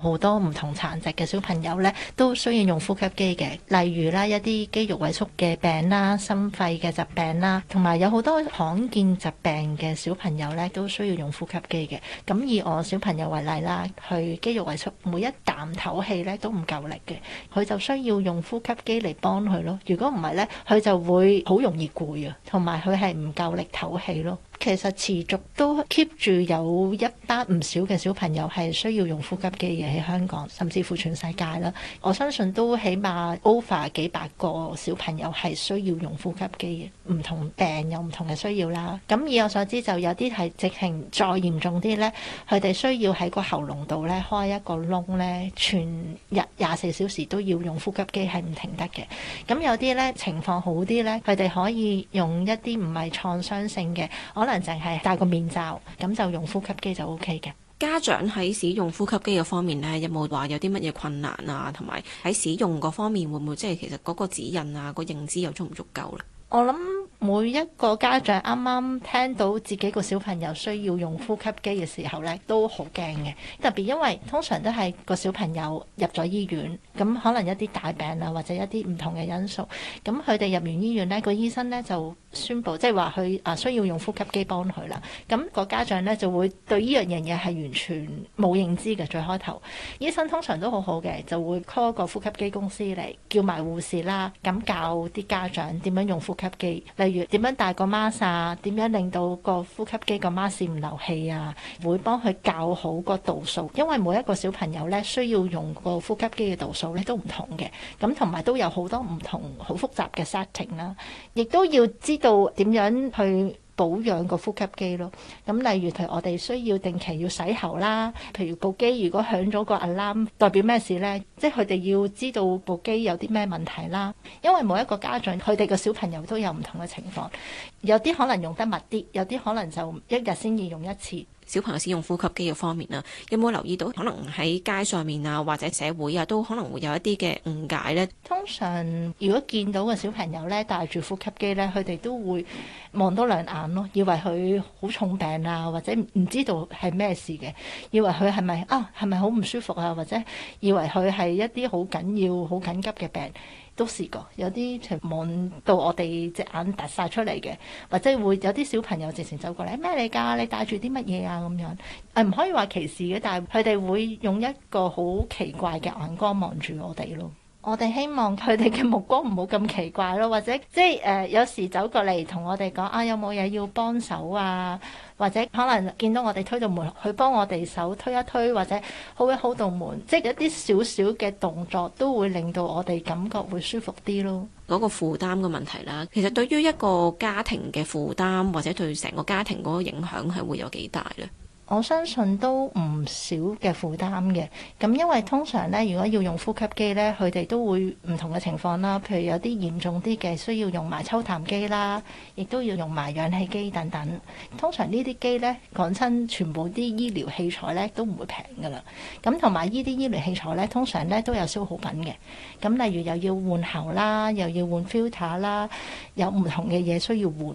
好多唔同殘疾嘅小朋友呢，都需要用呼吸機嘅。例如啦，一啲肌肉萎縮嘅病啦、心肺嘅疾病啦，同埋有好多罕見疾病嘅小朋友呢，都需要用呼吸機嘅。咁以我小朋友為例啦，佢肌肉萎縮，每一啖唞氣呢都唔夠力嘅，佢就需要用呼吸機嚟幫佢咯。如果唔係呢，佢就會好容易攰啊，同埋佢係唔夠力唞氣咯。其實持續都 keep 住有一班唔少嘅小朋友係需要用呼吸機嘅，喺香港，甚至乎全世界啦。我相信都起碼 over 幾百個小朋友係需要用呼吸機嘅，唔同病有唔同嘅需要啦。咁以我所知，就有啲係直情再嚴重啲呢，佢哋需要喺個喉嚨度呢開一個窿呢，全日廿四小時都要用呼吸機係唔停得嘅。咁有啲呢情況好啲呢，佢哋可以用一啲唔係創傷性嘅可能淨係戴個面罩，咁就用呼吸機就 OK 嘅。家長喺使用呼吸機嘅方面呢，有冇話有啲乜嘢困難啊？同埋喺使用嗰方面，會唔會即係其實嗰個指引啊，個認知又足唔足夠呢？我諗每一個家長啱啱聽到自己個小朋友需要用呼吸機嘅時候呢，都好驚嘅。特別因為通常都係個小朋友入咗醫院，咁可能一啲大病啊，或者一啲唔同嘅因素，咁佢哋入完醫院呢，個醫生呢就。宣布即係話佢啊需要用呼吸機幫佢啦，咁個家長呢，就會對呢樣樣嘢係完全冇認知嘅。最開頭醫生通常都好好嘅，就會 call 個呼吸機公司嚟叫埋護士啦，咁教啲家長點樣用呼吸機，例如點樣戴個 mask 啊，點樣令到個呼吸機個 mask 唔漏氣啊，會幫佢教好個度數，因為每一個小朋友呢，需要用個呼吸機嘅度數呢都唔同嘅，咁同埋都有好多唔同好複雜嘅 setting 啦，亦都要知。知道點樣去保養個呼吸機咯。咁例如係我哋需要定期要洗喉啦。譬如部機如果響咗個 alarm，代表咩事呢？即係佢哋要知道部機有啲咩問題啦。因為每一個家長佢哋個小朋友都有唔同嘅情況，有啲可能用得密啲，有啲可能就一日先要用一次。小朋友使用呼吸機嘅方面啊，有冇留意到可能喺街上面啊或者社會啊都可能會有一啲嘅誤解呢？通常如果見到個小朋友呢，戴住呼吸機呢，佢哋都會望多兩眼咯，以為佢好重病啊，或者唔知道係咩事嘅，以為佢係咪啊係咪好唔舒服啊，或者以為佢係一啲好緊要好緊急嘅病。都試過，有啲情望到我哋隻眼突晒出嚟嘅，或者會有啲小朋友直情走過嚟，咩嚟㗎？你戴住啲乜嘢啊？咁樣誒，唔可以話歧視嘅，但係佢哋會用一個好奇怪嘅眼光望住我哋咯。我哋希望佢哋嘅目光唔好咁奇怪咯，或者即係誒，有時走過嚟同我哋講啊，有冇嘢要幫手啊？或者可能見到我哋推到門，去幫我哋手推一推，或者好一好到門，即係一啲少少嘅動作都會令到我哋感覺會舒服啲咯。嗰個負擔嘅問題啦，其實對於一個家庭嘅負擔或者對成個家庭嗰個影響係會有幾大咧？我相信都唔少嘅負擔嘅，咁因為通常咧，如果要用呼吸機咧，佢哋都會唔同嘅情況啦。譬如有啲嚴重啲嘅，需要用埋抽痰機啦，亦都要用埋氧氣機等等。通常呢啲機咧，講真全部啲醫療器材咧，都唔會平㗎喇。咁同埋呢啲醫療器材咧，通常咧都有消耗品嘅。咁例如又要換喉啦，又要換 filter 啦，有唔同嘅嘢需要換。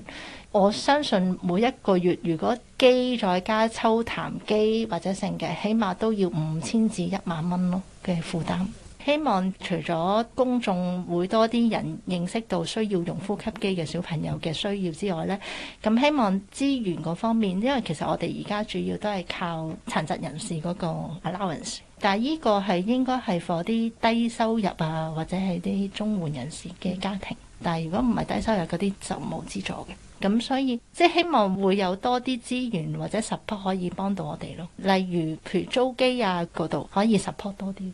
我相信每一個月，如果機再加抽痰機或者成嘅，起碼都要五千至一萬蚊咯嘅負擔。希望除咗公眾會多啲人認識到需要用呼吸機嘅小朋友嘅需要之外呢，咁希望資源嗰方面，因為其實我哋而家主要都係靠殘疾人士嗰個 allowance，但係呢個係應該係 for 啲低收入啊，或者係啲綜援人士嘅家庭。但係如果唔係低收入嗰啲就冇資助嘅，咁所以即係、就是、希望會有多啲資源或者 support 可以幫到我哋咯，例如譬如租機啊嗰度可以 support 多啲。